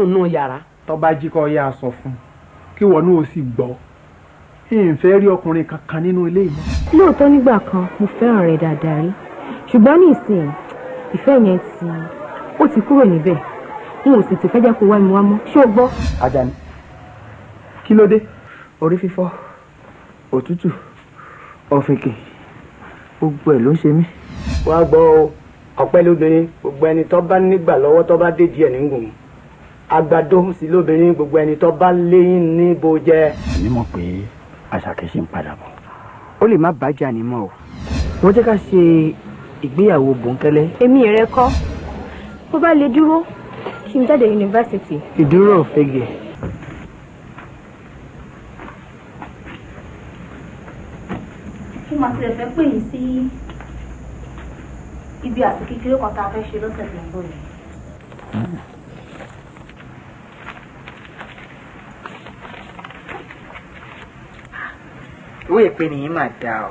sùn nù yàrá. tọ́ba jí kọ́ yá sọ fún un kí wọ́n náà sì gbọ́ ìfẹ́ rí ọkùnrin kankan nínú ilé yìí. lóòótọ́ nígbà kan mo fẹ́ràn rẹ̀ dáadáa rí ṣùgbọ́n ní ìsìn ìfẹ́ yẹn ti ó ti kúrò níbẹ̀ n ò sì ti fẹ́ jẹ́ kó wá mi wá mọ́ ṣé o gbọ́. Àjàní kí ló dé. orí fífọ́ òtútù ọ̀fìnkì gbogbo ẹ̀ ló ń ṣe mí. wá gbọ́ ọ̀pẹ́ lóbìnrin gbogbo ẹni tó bá nígbà lọ́wọ́ tó bá dé díẹ̀ nígbòmù àgbàdo sì lóbìnrin gbogbo ẹni tó bá léyìn níbo jẹ. èmi mọ̀ pé àṣàkẹ́ sì ń padà bọ̀. ó lè má bàjẹ́ ànímọ́ o. wọ́n jẹ́ ká ṣe ìgbéyàwó bòńkẹ́lẹ́. èmi rẹ kọ́ bó bá lè dúró kí n jáde yunifásitì. ìdúró òfegè. kí màá tilẹ̀ fẹ́ pè yín sí ibi àti kékeré kan tá a fẹ́ ṣe lọ́sẹ̀ tó ń bọ̀ yìí. ìwé ìpè nìyí mà dá o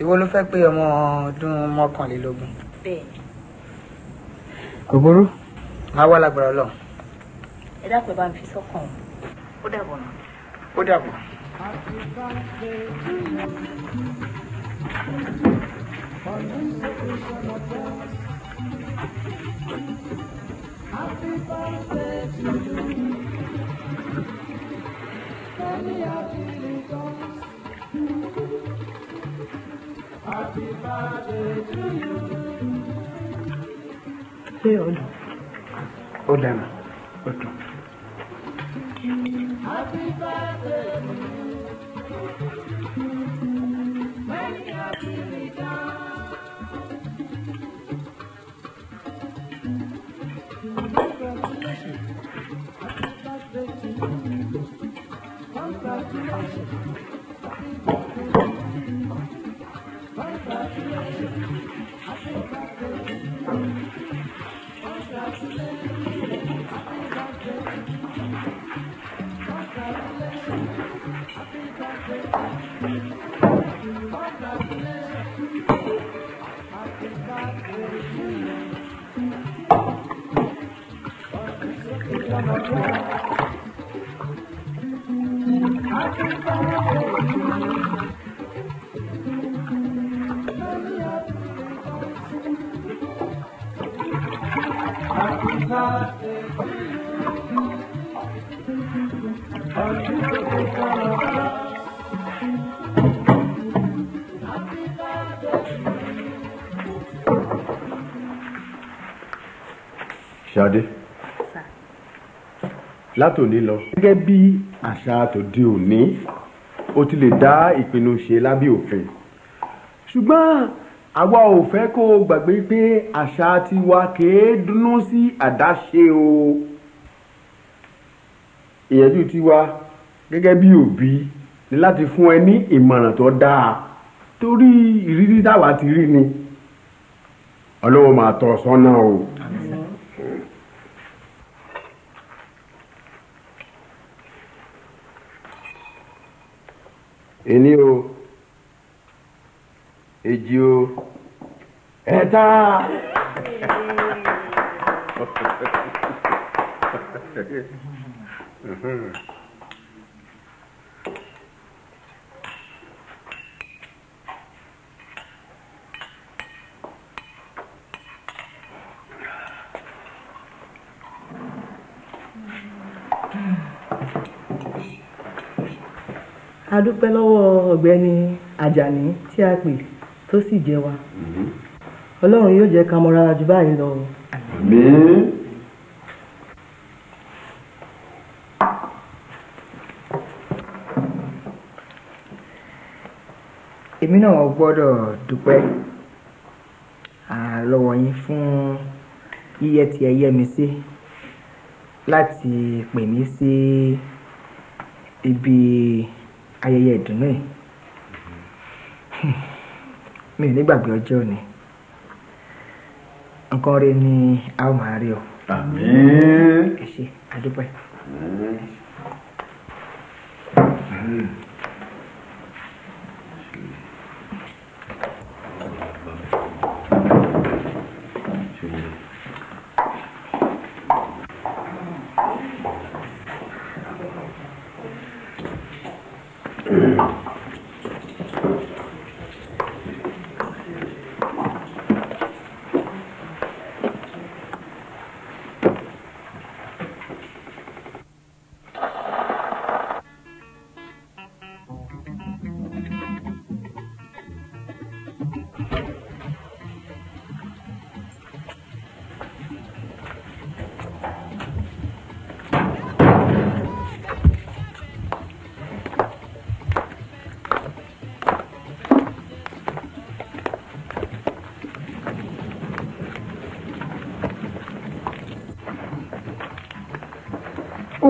ìwọ ló fẹ́ pé ọmọ ọdún mọ́kànlélógún. bẹ́ẹ̀ni. kò burú máa wá lágbára Ọlọ́run. ẹ dákun ẹ bá mi fi sọ́kàn ó dàbọ̀ náà. ó dàbọ̀. Happy birthday to you. Happy birthday to you. Hey, o lọ? Ó dáná, ó tún. Happy birthday. Happy birthday to you. Ṣadé látòní lọ gẹ́gẹ́ bí àṣà tòde òní o ti lè dá ìpinnu ṣe lábẹ́ òfin ṣùgbọ́n àwa ò fẹ́ kó o gbàgbé pé àṣà tiwa kèé dúnú sí àdáṣe o ìyẹ́jú tiwa gẹ́gẹ́ bí òbí ni láti fún ẹ ní ìmọ̀ràn tó dáa torí ìrírí táwa ti rí ni ọlọ́wọ́ máa tọ́ sọ́nà o. ẹni o èjì o ẹ̀ta. a dúpẹ́ lọ́wọ́ ọ̀gbẹ́ni Àjàní tí a pè tó sì jẹ́ wa ọlọ́run yóò jẹ́ ká mọ rárá ju báyìí lọ. àmín. èmi náà gbọ́dọ̀ dúpẹ́ lọ́wọ́ yín fún yíyẹ tí ẹ yẹ mi sí láti pè mí sí ibi ayẹyẹ ìdùnnú yìí mi ò ní ọjọ́ òní nǹkan rẹ ni a ó máa rí ọ. àmín. ẹ ṣé a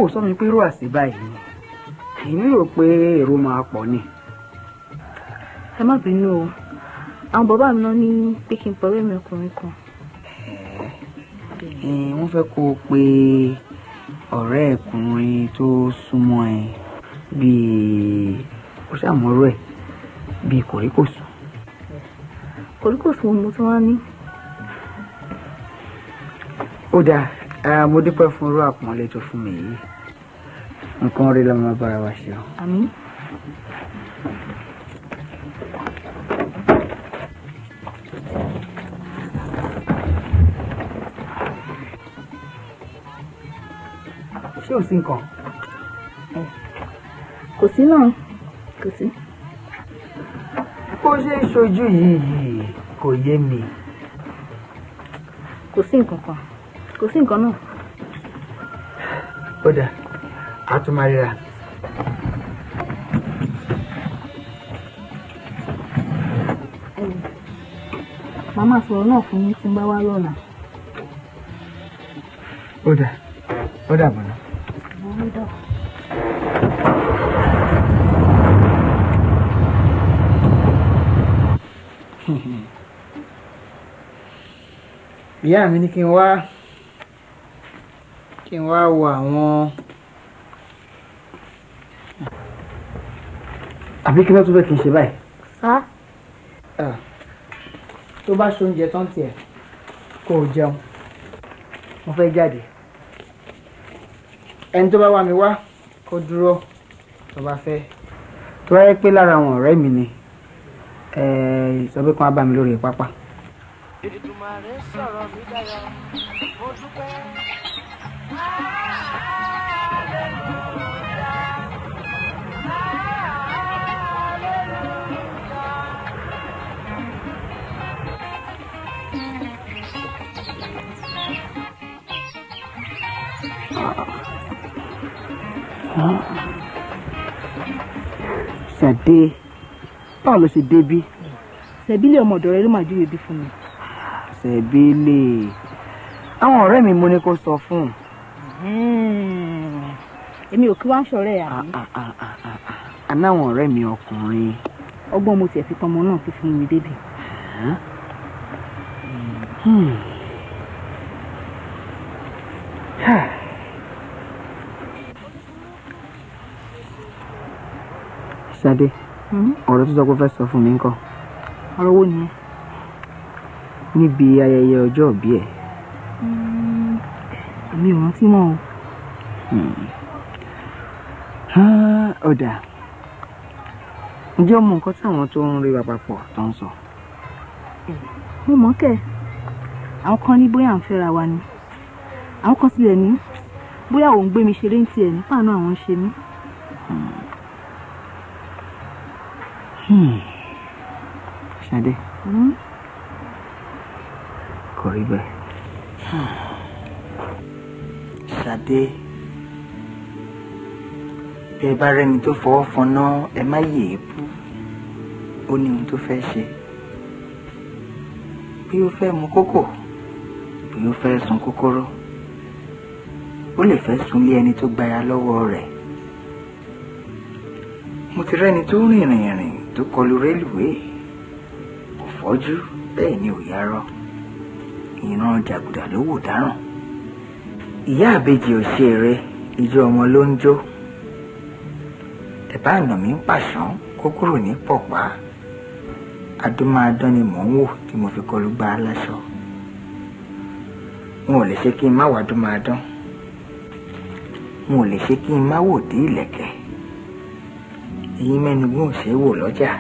kò sọ mi pé irú àṣìbá yìí èmi rò pé èrò máa pọ̀ ni. ẹ má bínú o àwọn bàbá mi náà ní pé kí n pọ̀rọ̀ èmi ọkùnrin kan. wọ́n fẹ́ kó o pe ọ̀rẹ́ ẹ̀kùnrin tó súnmọ́ ẹ bíi kò sàmúrò ẹ̀ bíi kòríkòsùn. kòríkòsùn mo tún wá ní. ó dáa Ah, mo dúpẹ́ fún irú àpọ́nlé tó fún mi yìí nǹkan rí lọ́mọ bára wa ṣe o. àmín. ṣé ò sí nǹkan. kò sí náà kò sí. bó ṣe ń ṣojú yìí yìí kò yé mi. kò sí nǹkan kan kò sí nǹkan náà. ó dà á tún máa ríra. màmá sọ̀rọ̀ náà fún mi tí n bá wá lọ́la. ó dà ó dà bọ̀dọ̀. ìyá mi ní kí n wá kí n wá wo àwọn. àbí kí wọ́n tún fẹ́ kí n ṣe báyìí. tó bá ṣe oúnjẹ tán tiẹ̀ kó o jẹun mo fẹ́ jáde ẹni tó bá wá mi wá kó dúró tó bá fẹ́ tó bá yẹ pé lára àwọn ọ̀rẹ́ mi ni ìsọ̀bí kan á bá mi lórí pápá. ètùmọ̀ rẹ̀ sọ̀rọ̀ mi dára mo dúpẹ́. ṣàdé báwo ló ṣe débí. ṣẹ̀bílẹ̀ ọmọ ọ̀dọ̀ rẹ ló máa júwe bí fún mi. ṣẹ̀bílẹ̀ àwọn ọ̀rẹ́ mi mo ní kó sọ fún. Hmm. èmi ò kí wá ń ṣọ̀rẹ́ àmì. anáwọn ah, ah, ah, ọ̀rẹ́ mi ọkùnrin. ọgbọ́n mo tiẹ̀ fi pọnmọ náà fi fún mi débí. Hmm. Sade. Hmm? ọ̀rọ̀ tó sọ pé ó fẹ́ sọ fún mi ńkọ́. ọ̀rọ̀ wo nìyẹn. níbi ayẹyẹ ọjọ́ òbí ẹ̀. Hmm, mi ò rántí mọ́ o. ọ̀dà hmm. ǹjẹ́ o mọ nǹkan táwọn tó ń rí wa papọ̀ tó ń sọ. mo mọ̀ kẹ́ àwọn kan ní bóyá ń fẹ́ra wa ni àwọn kan tilẹ̀ ní bóyá òun gbé mi ṣeré ń tiẹ̀ nípa náà àwọn ń ṣe mí. Ṣadé kò rí Sade, Ṣadé bí ẹ bá rẹ́ni tó fọwọ́ fọná ẹ má yè é bú ó ní ohun tó fẹ́ ṣe bí ó fẹ́ mu kókò bí ó fẹ́ sun kókóró ó lè fẹ́ sunlé ẹni tó gbaya lọ́wọ́ rẹ̀ mo ti rẹ́ni tó rìnrìn rìn tó kọlu rélùwéè kò fọ́jú bẹ́ẹ̀ ni ò yarọ ìran jàgùdà ló wò dáràn ìyá àbejì òṣè rẹ ijó ọmọ ló ń jó ẹ̀bá àná mi ń pàṣán kó kúrò ní pọ̀pá adúmáadán ni mò ń wò tí mo fi kọlu gbá aláṣọ n ò lè ṣe kí n má wàá dúmáadán n ò lè ṣe kí n má wò dé ìlẹ̀kẹ̀ èyí mẹ́nugbọ́n ò ṣeé wò lọ́jà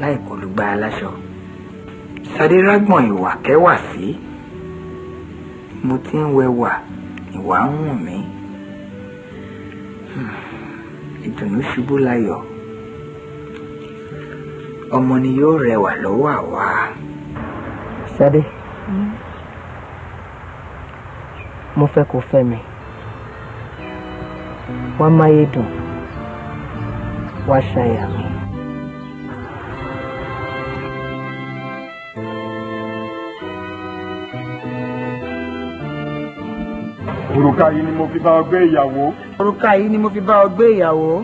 láì kọlùgba aláṣọ ṣadérágbọ̀n ìwà kẹwà sí mo ti ń wẹwà ìwà ń wù mí hmm, ìdùnnú ṣubú láyọ̀ ọmọ ni yóò rẹwà lọ́wọ́ àwa. ṣadé hmm. mo fẹ́ kó fẹ́ mi wá máyé dùn wahyɛn ano òrùka yìí ni mo fi bá ọ gbé ìyàwó. òrùka yìí ni mo fi bá ọ gbé ìyàwó.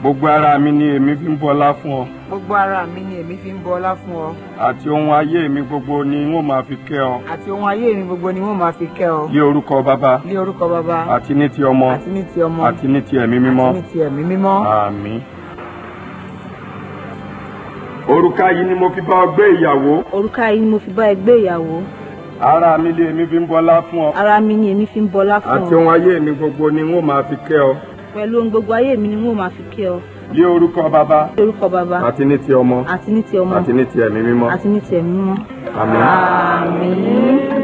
gbogbo ara mi ni èmi fi ń bọlá fún ọ. gbogbo ara mi ni èmi fi ń bọlá fún ọ. àti ohun ayé mi gbogbo ni n ó máa fi kẹ́ ọ. àti ohun ayé mi gbogbo ni n ó máa fi kẹ́ ọ. ní orúkọ bàbá. ní orúkọ bàbá. àti ní ti ọmọ. àti ní ti ọmọ. àti ní ti ẹ̀mí mímọ́. àti ní ti ẹ̀mí mímọ́. àmín òrùka yìí ni mo fi bá ọ gbé ìyàwó. òrùka yìí ni mo fi bá ẹ ìyàwó. ara mi ni èmi fi ń bọlá fún ọ. ara mi ni èmi fi ń bọlá fún ọ. àti ohun ayé mi gbogbo ni n ó máa fi kẹ́ ọ. pẹ̀lú ohun gbogbo ayé mi ni n ó máa fi kẹ́ ọ ní orúkọ bàbá. ní orúkọ bàbá. àti ní ti ọmọ. àti ní ti ọmọ. àti ní ti ẹ̀mí mímọ́. àti ní ti ẹ̀mí mímọ́. àmín. àmín.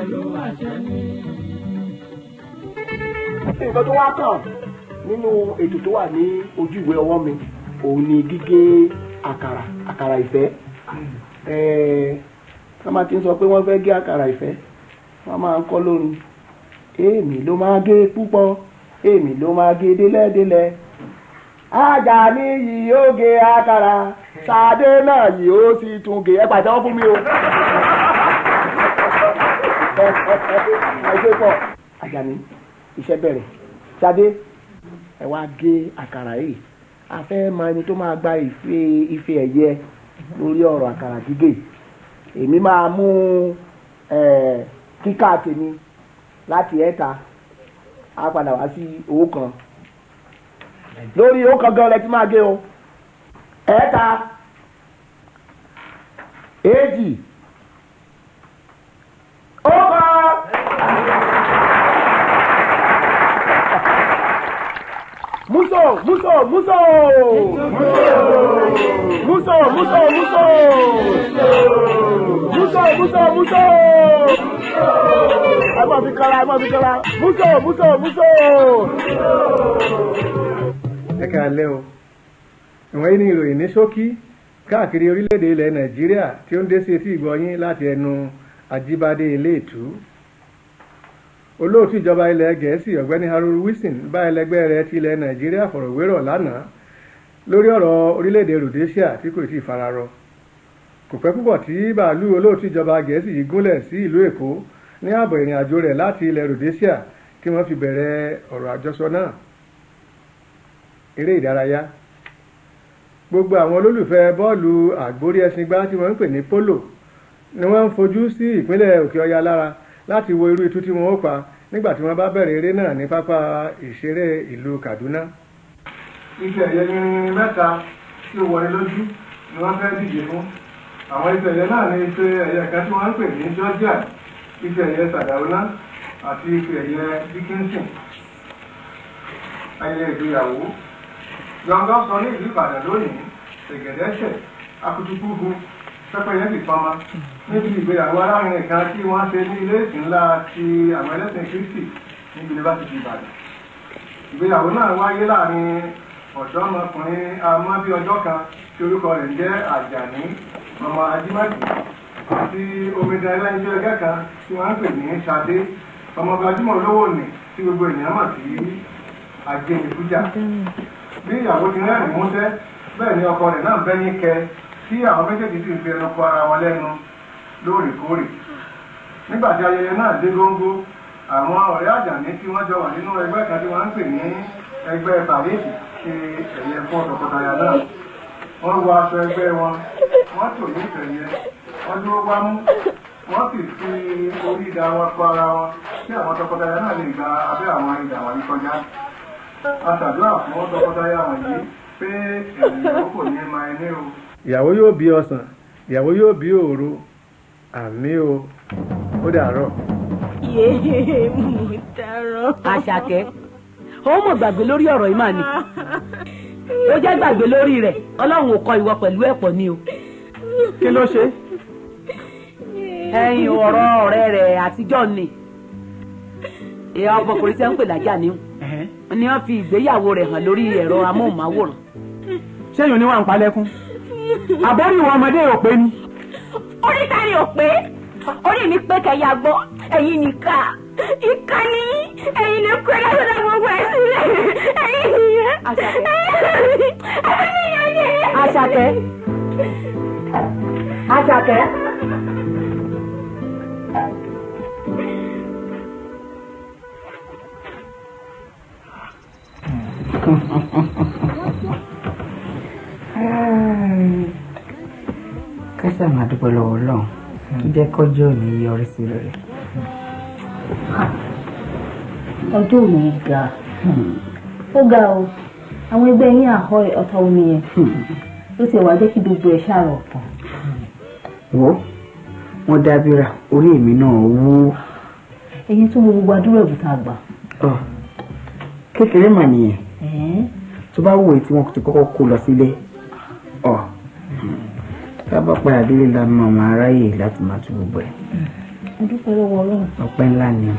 pẹ̀lú àṣẹ ni. nǹkan tó wá kàn nínú ètò tó wà ní ojú ìwé ọwọ́ mi òun ni gígé àkàrà àkàrà ìfẹ́ ẹ̀ẹ́ wọ́n máa ti ń sọ pé wọ́n fẹ́ gé àkàrà ìfẹ́ wọ́n máa ń kọ́ lórí èmi ló máa gé púpọ̀ èmi ló máa gé délẹ́délẹ́ ajá ní yìí ó gé àkàrà sàdé náà yìí ó sì tún gé ẹ pàtẹ́wọ́ fún mi o. ẹgbẹ́ pọ̀ àjàní ṣadé ẹ wá gé àkàrà yìí a fẹ́ mọ tó máa gba ife ife ẹ̀yẹ lórí ọ̀rọ̀ àkàrà gígé èmi máa mú kíkà tèmi láti ẹ̀ta a padà wá sí owó kan lórí owó kan gan lẹ ti máa Opa! Muso, muso, muso! Muso, muso, muso! Muso, muso, muso! Ẹ máa fi kala, ẹ máa Muso, muso, muso! Ẹ kà lẹ́ o, ìwọ̀n yìí ni ṣókí káàkiri orílẹ̀-èdè ilẹ̀ Nàìjíríà tí ó ń dé sí etí ìgbọ́ láti ẹnu. Ajíbádé Iléètú olóòtú ìjọba ilẹ̀ Gẹ̀ẹ́sì ọ̀gbẹ́ni Haruru Wilson bá ẹlẹgbẹ́ rẹ̀ ti ilẹ̀ Nàìjíríà fọ̀rọ̀wérọ̀ lánàá lórí ọ̀rọ̀ orílẹ̀-èdè Rhodesia tí kò tíì fararọ kò pẹ́ púpọ̀ tí bàálù olóòtú ìjọba Gẹ̀ẹ́sì yìí gúnlẹ̀ sí ìlú Èkó ní ààbọ̀ ìrìn àjò rẹ̀ láti ilẹ̀ Rhodesia tí wọ́n fi bẹ̀rẹ̀ ọ̀rọ̀ àjọsọ náà eré ìdárayá gbogbo àwọn olólùfẹ́ bọ́ọ̀lù àgbórí ẹṣin gbá tí wọ́n ń pè ní polo ni wọ́n ń fojú sí ìpínlẹ̀ òkè ọya lára láti wo irú itú tí wọ́n ó pa nígbà tí wọ́n bá bẹ̀rẹ̀ eré náà ní pápá ìṣeré ìlú Kaduna. ife ẹ̀yẹ irin mẹ́ta tí ó wọlé lójú ni wọ́n fẹ́ díje fún àwọn ife ẹ̀yẹ náà ni ife ẹ̀yẹ kan tí wọ́n ń pè ní Georgia ife ẹ̀yẹ Sardauna àti ife ẹ̀yẹ Dickinson ayẹyẹ ìgbéyàwó gbọ̀ngàn sọ ní ìlú Ìbàdàn lónìí ẹ̀gẹ̀dẹ̀ ṣẹ̀ akutukuhu pẹ́pẹ́ yẹn sì fama níbi ìgbéyàwó alárinrin kan tí wọ́n ṣe ní ilé ìsìn ńlá ti àwọn ẹlẹ́sìn Kristi níbi yunifásitì Ìbàdàn ìgbéyàwó náà wáyé láàrin ọ̀dọ́mọkùnrin amábí ọjọ́ kan tí orúkọ rẹ̀ jẹ́ Àjàní ọmọ Ajímọ́jì àti omidan ẹlẹ́yinjú ẹgbẹ́ kan tí wọ́n ń pè ní Ṣadé ọmọ gbajúmọ̀ olówó nì tí gbogbo ènìyàn mọ̀ sí Ajé Ìfújà bí ìyàwó ti rẹ́rìn músẹ́ bẹ́ẹ̀ ni ọkọ rẹ̀ náà bẹ́ ní kẹ tí àwọn méjèèjì sì fi ẹnu ara wọn lẹ́nu lóòrèkóòrè nígbà tí ayẹyẹ náà dé góńgó àwọn ọ̀rẹ́ àjàní tí wọ́n jọ wà nínú ẹgbẹ́ kan tí wọ́n ń pè ní ẹgbẹ́ bàríìkì ṣe ẹ̀yẹ fún tọkọtaya náà wọ́n wọ aṣọ ẹgbẹ́ wọn wọ́n tò ní ìtẹ̀yẹ wọ́n dúró fi orí ìdá wọn ara wọn kí àwọn tọkọtaya náà lè gba abẹ́ àwọn ìdá a ṣàdúrà fún tọkọtaya pé ẹ̀yìn ní ìyàwó yóò bí ọsàn ìyàwó yóò bí òru àmì o ó dàárọ̀. yéé mo dàárọ̀. àṣàkẹ́ ó mọ̀ gbàgbé lórí ọ̀rọ̀ yìí mà ni ó jẹ́ gbàgbé lórí rẹ̀ ọlọ́run ò kọ ìwọ pẹ̀lú ẹ̀pọ̀ ni o. kí ló ṣe. ẹyin ọ̀rọ̀ ọ̀rẹ́ rẹ̀ àtijọ́ ni ìyá ọmọkùnrin tẹ́ ń pè lájà ni ni wọ́n fi ìgbéyàwó rẹ̀ hàn lórí ẹ̀rọ amóhùnmáwòrán. ṣé èèyàn ni wà ń palẹ́kún àbẹ́rẹ́ ìwọ ọmọdé ò pé ni. orí sáré ò pé orí mi pé kẹyà gbọ́ ẹ̀yin nìka ìka ni ẹ̀yin lè kó ẹ̀dá sọ́dọ̀ gbogbo ẹ̀ sílẹ̀ ẹ̀yin nìyẹn. àṣàkẹ́ àṣàkẹ́ àṣàkẹ́. kásá máa dúpẹ́ lọ́wọ́ ọlọ́run jẹ́ kọ́jọ́ òní yọrí sí rẹ̀. ọjọ́ òní ga ó ga o àwọn ẹgbẹ́ yín àhọ́ ọ̀tọ̀ omi yẹn ló ti wà jẹ́ kí gbogbo ẹ̀ ṣàrọ̀ ọ̀tọ̀. wo wọn dábìrà orí èmi náà wú. ẹyin tó wo gbogbo adúrò ẹ̀bùn tá a gbà. kékeré mà nìyẹn tó bá wù èyí tí wọn ti kọ́kọ́ kó lọ sílé ọ tábà padà délé la mọ ọmọ aráyè láti máa tún gbogbo ẹ. adúpẹ́ lọ́wọ́ ọlọ́run. ọpẹ́ ńlá ni.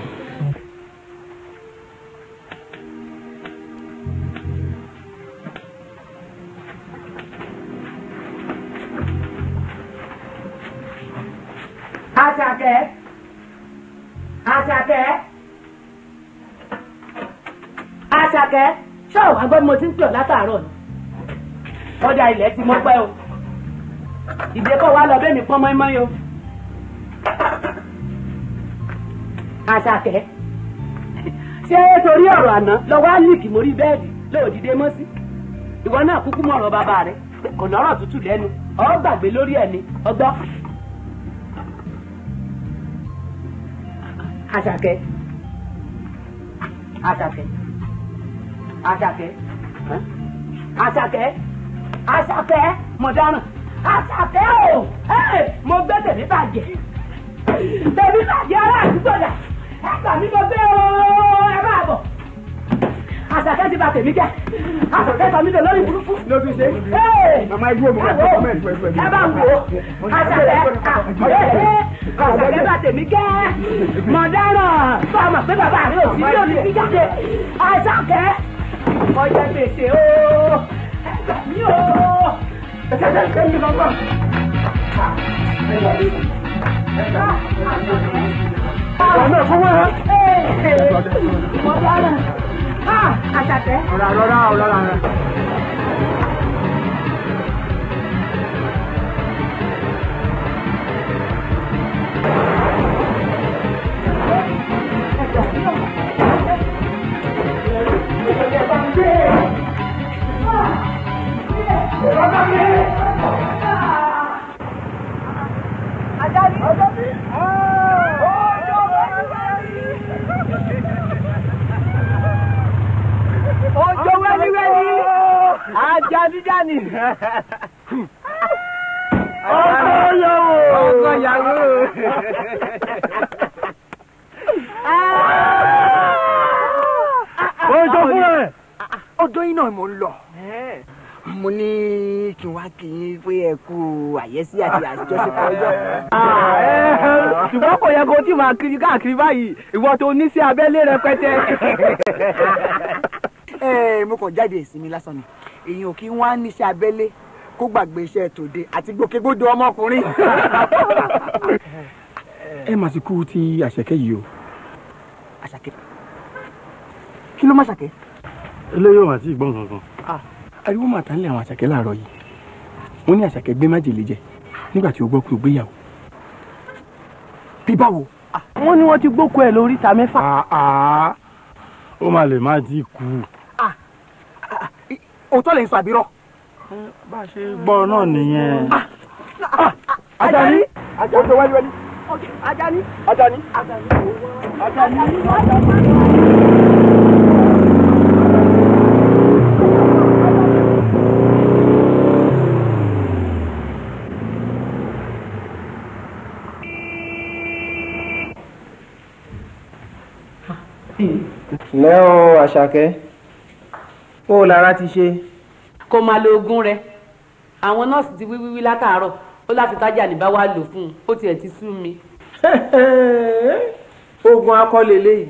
Àṣàkẹ́ Àṣàkẹ́ Àṣàkẹ́ ṣọ́ọ̀ àgbẹ̀ mo ń pè ọ́ látàárọ̀ ni. ọjà ilẹ̀ ti mọ́pẹ́ o ìdè kọ́ wa lọ bẹ́ẹ̀ni pọ́n mọ́ínmọ́ yìí o. àṣàkẹ́ ṣé torí ọ̀rọ̀ àná lọ́wọ́ àlìkì mórí bẹ́ẹ̀dì lóòdìdé mọ́ sí ìwọ náà kúkú mọ̀ ọ̀rọ̀ bàbá rẹ kò nọ́rọ̀ tútù lẹ́nu ọ̀ gbàgbé lórí ẹ̀ ni ọgbọ́n. àṣàkẹ́ àṣàkẹ́ àṣàkẹ́ àṣàkẹ́. àṣàfẹ́ mọ̀dáràn àṣàfẹ́ o mo gbé tèmi bàjẹ́ tèmi bàjẹ́ ará àdúgbò dà ẹ gbà mí mo gbé o ẹ bá bọ̀ àṣàfẹ́ ti bà tèmi jẹ́ àṣàfẹ́ sọ mí lò lórí burúkú. ló fi ṣe mama igbó mi láti ọmọ ẹ̀dùn ẹ̀dùn ẹ̀dùn. ẹ bá ń wo àṣàfẹ́ àṣàfẹ́ bà tèmi jẹ́ mọ̀dáràn fọmọ pé bàbá rẹ ò sí ní fi jáde àṣàfẹ́ ọjọ́ gbèsè o. 야! 자자, 땡겨 가봐. 엄마, 성화야? 에이, 뭐 하나? 아, 아 아싸대. 올라, 올라, 올라, 올라. Thank you. ṣùgbọ́n kò yẹ kó tí máa kiri káàkiri báyìí ìwọ tó ní sí abẹ́lé rẹpẹtẹ. Eh, mo kàn jáde ìsinmi lásán ni èèyàn kì í wá ní sí abẹ́lé kó gbàgbé iṣẹ́ tòde àti gbòkègbodò ọmọkùnrin. ẹ eh, mà sì kú ti àṣàkẹ́ yìí o. àṣàkẹ́ kí ló má ṣàkẹ́. eléyìí ò mà tí gbọ́n kankan. Ah. ariwo màtá ń lé àwọn àṣàkẹ́ láàárọ̀ yìí wọ́n ní àṣàkẹ́ gbé májèlé jẹ nígbà tí o gbọ́ pé o gbéyàwó bí báwo. Ah, wọ́n ní wọ́n ti gbókò ẹ̀ lórí ìta mẹ́fà. Ah, ah, ó mà lè má ti kú. òótọ́ lè ń sọ àbírọ̀. bá a ṣe gbọ́ náà nìyẹn. Ajani Ajani Ajani Ajani Ajani Ajani. lẹ́ o àṣàkẹ́ ó lára ti ṣe. kò máa lo oògùn rẹ àwọn nọ́ọ̀sì ti wí wíwí látàárọ̀ ó láti tájà níbà wá lò fún un ó tiẹ̀ ti sú mi. oògùn akọ́lé léyìí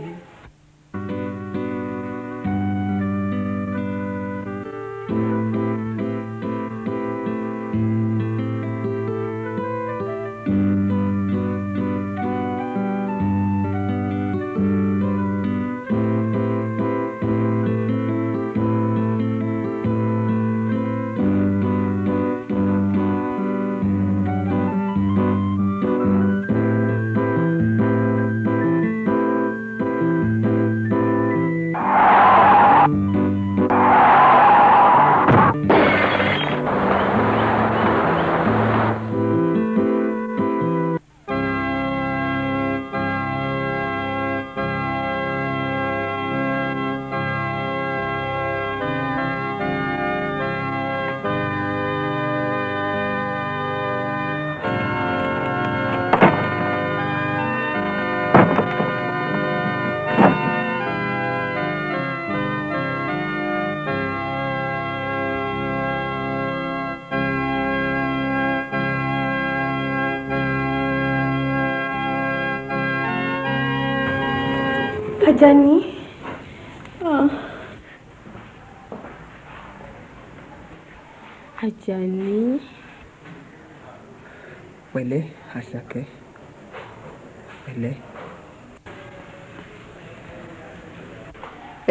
Ajani. Ah. Ajani. Pẹ̀lẹ́ Àṣàkẹ́. Pẹ̀lẹ́.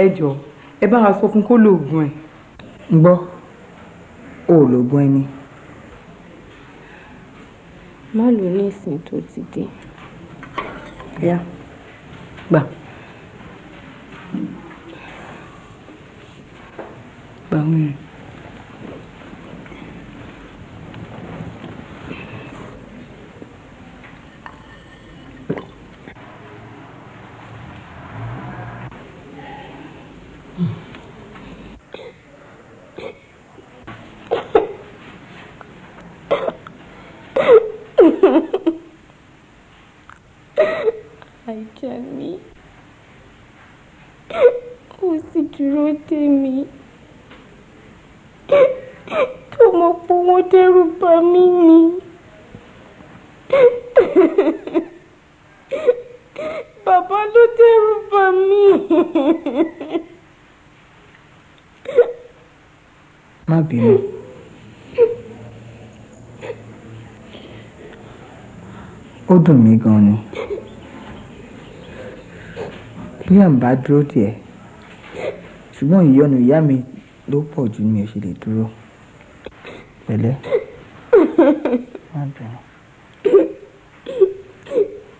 Ẹ jọ̀ọ́ ẹ bá wa sọ fún kó lóògùn ẹ̀. ń gbọ́ o ò lóògùn ẹni. má lò ó ní ìsìn tó ti dé. Yeah. I Ay Kami, me? Who's dúró dè me? mọ̀ pé wọ́n dẹ́rù bà mí ni. Bàbá ló dẹ́rù bà mí. Má bínú. Ó dùn mí gan ni. Bí à ń bá dúró díẹ̀, ṣùgbọ́n ìyọnu ìyá mi ló pọ̀ jù mi ò ṣe lè dúró pẹ̀lẹ́ má bẹ̀rẹ̀.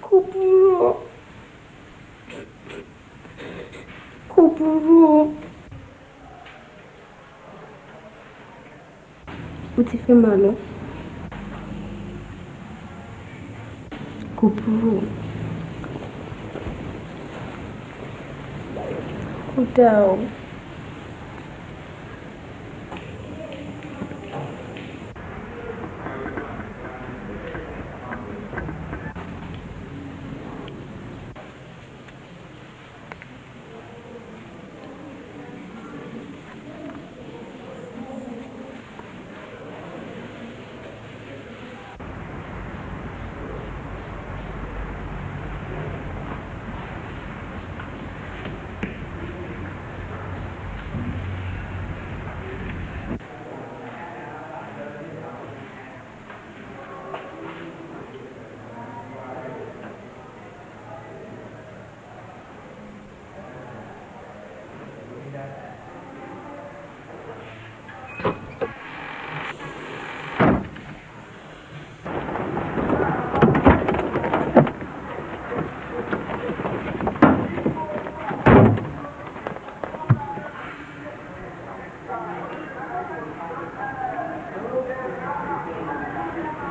kò burú o kò burú o. ó ti fẹ́ máa lọ. kò burú o. ó dáa o.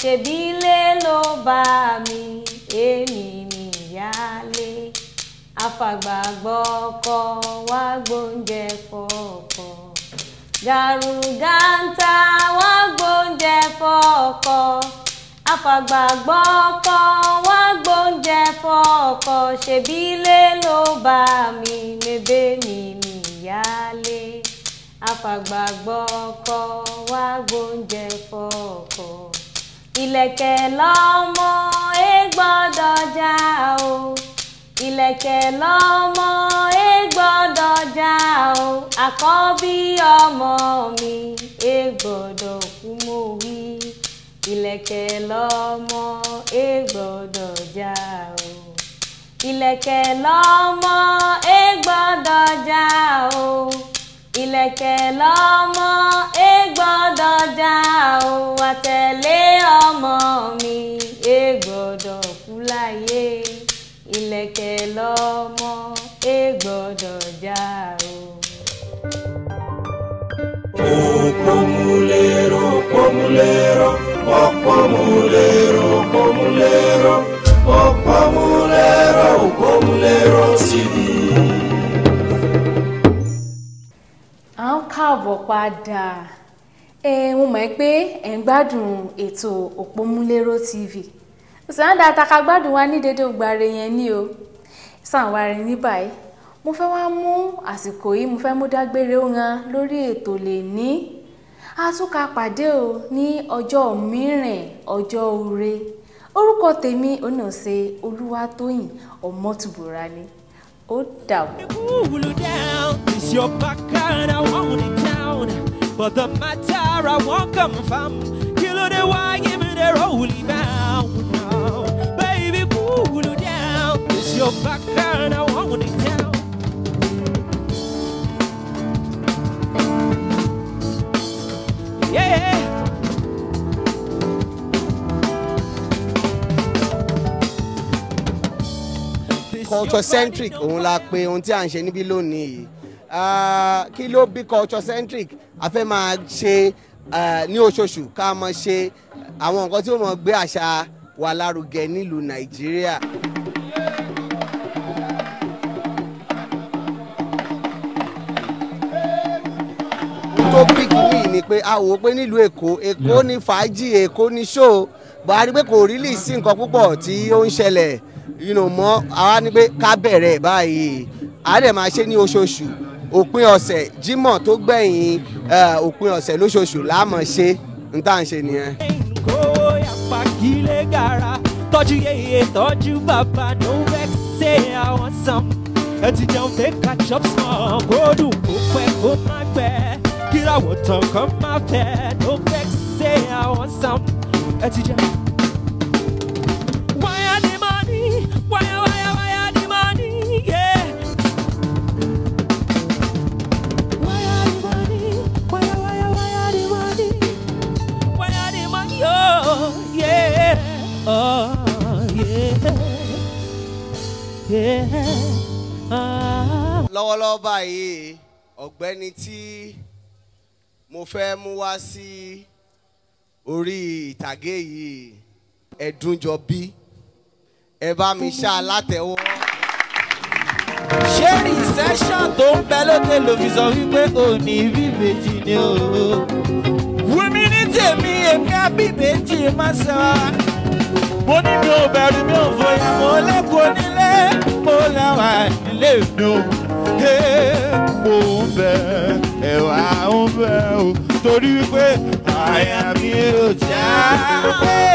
ṣebí ilé ló bá mi èmi nìyálé afàgbàgbọ́ ọkọ wá gbóúnjẹ fọ́kọ gàrúgàǹtà wá gbóúnjẹ fọ́kọ afàgbàgbọ́ ọkọ wá gbóúnjẹ fọ́kọ ṣebí ilé ló bá mi mébé mi nìyálé afàgbàgbọ́ ọkọ wá gbóúnjẹ fọ́kọ ìlẹ̀kẹ̀ lọ́mọ ẹ gbọ́dọ̀ já o ìlẹ̀kẹ̀ lọ́mọ ẹ gbọ́dọ̀ já o àkọ́bí ọmọ mi ẹ gbọ́dọ̀ kú mo wí ìlẹ̀kẹ̀ lọ́mọ ẹ gbọ́dọ̀ já o ìlẹ̀kẹ̀ lọ́mọ ẹ gbọ́dọ̀ já o ìlẹ̀kẹ̀ lọ́mọ ẹ gbọ́dọ̀ dá o àtẹ̀lé ọmọ mi ẹ gbọ́dọ̀ kú láyé ìlẹ̀kẹ̀ lọ́mọ ẹ gbọ́dọ̀ dá o. Òpómúléró òpómúléró òpómúléró òpómúléró òpómúléró òpómúléró síbi. káàbọ̀ padà ẹ mo mọ̀ pé ẹ̀ ń gbádùn ètò òpómúléró tv sàǹdà àtàkà gbádùn wa ní dédé ògbàre yẹn ni o sàǹwárí ní báyìí mo fẹ́ wá mú àsìkò yìí mo fẹ́ mú dágbére ran lórí ètò lè ní àtúkà pàdé o ní ọjọ́ mìíràn ọjọ́ ore orúkọ tèmi oníṣe olúwatóyìn ọmọtúbúra ni ó dàbọ̀ down. But the matter I won't come from. Kill the why give me the holy bound now. Baby, cool down. It's your back and I want it down. Yeah. Culture centric òun la pe ohun tí à ń ṣe níbí lónìí Ah, kí ló bí culturecentric a fẹ́ máa ṣe ah, ní oṣooṣù ká mọ̀ ṣe àwọn nǹkan tí ó mọ̀ gbé àṣà wa lárugẹ nílùú nàìjíríà. tó bí kìíní ni pé a wò ó pé nílùú èkó èkó ní fàájì èkó ní ṣóò buhari pé kò rí lè sí nǹkan púpọ̀ tí ó ń ṣẹlẹ̀ mọ́ àwa ni pé ká bẹ̀rẹ̀ báyìí a máa ṣe ní oṣooṣù òpin ọ̀sẹ̀ Jímọ̀ tó gbẹ̀yìn òpin ọ̀sẹ̀ lóṣooṣù láàmọ̀ ṣe ń tà ń ṣe nìyẹn. kówó yàpá kí lè gara tọ́jú yeye tọ́jú bàbá no vex say I want some ẹ ti jẹun fẹ́ catch up small kó dùn kó pẹ́ kó má gbẹ kíráwọ̀ tán kan má fẹ́ no vex say I want some ẹ ti jẹun. lọ́wọ́lọ́wọ́ báyìí ọ̀gbẹ́ni tí mo fẹ́ mú wá sí orí ìtàgé yìí Ẹ̀dúnjọbí ẹ bá mi ṣá látẹ̀wọ́. ṣé rìsẹ́ṣọ̀n tó ń bẹ lókè ló fi sọ wípé òní bí méjì ni o. wúmi ní tèmi èmi á bí méjì má mo ní mi ò bẹ̀rù mi ò fòyà mo lẹ́kọ̀ọ́ nílé mo lẹ́wà nílé mi epo ń bẹ ẹ̀wà ń bẹ o torí pé àyà mi ò já lé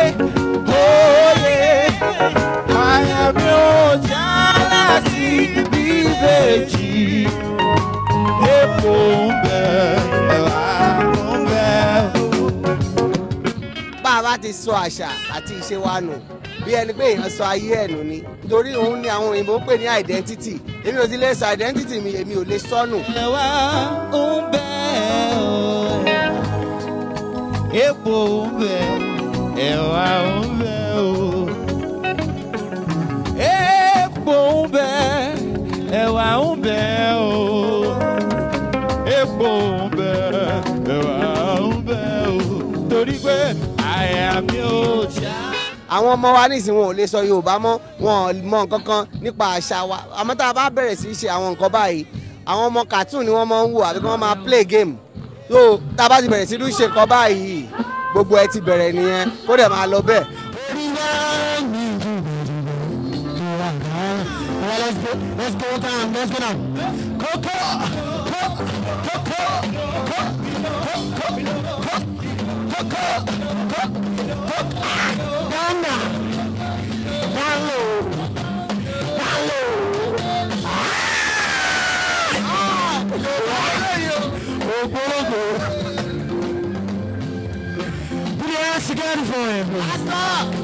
olè àyà mi ò já láti bí ìbejì epo ń bẹ ẹ̀wà ń bẹ o. bá a bá ti sọ àṣà àti ìṣe wa nù bí ẹni pé èèyàn sọ ayé ẹ̀ nù ni torí òun ni àwọn òyìnbó ń pè ní identity èmi ò ti lè sọ identity mi èmi ò lè sọnù. ẹ̀wá ń bẹ ọ́ epo ń bẹ ẹ̀wá ń bẹ ọ́ epo ń bẹ ẹ̀wá ń bẹ ọ́ epo ń bẹ ẹ̀wá ń bẹ ọ́ torí pé àyà mi ò já. àwọn ọmọ wa nísìnyí wọn ò lè sọ Yorùbá mọ́ wọn mọ nǹkan nípa àṣà wa àmọ́ tá a bá bẹ̀rẹ̀ sí í ṣe àwọn nǹkan báyìí àwọn ọmọ cartoon ni wọ́n máa ń wò àbí kí máa play game so tá a bá ti bẹ̀rẹ̀ sí í nǹkan báyìí gbogbo ẹ ti bẹ̀rẹ̀ nìyẹn kó dẹ̀ máa lọ bẹ́ẹ̀. Let's go, let's go down, let's go down. Coco, Coco, Coco. I ready for him. I thought.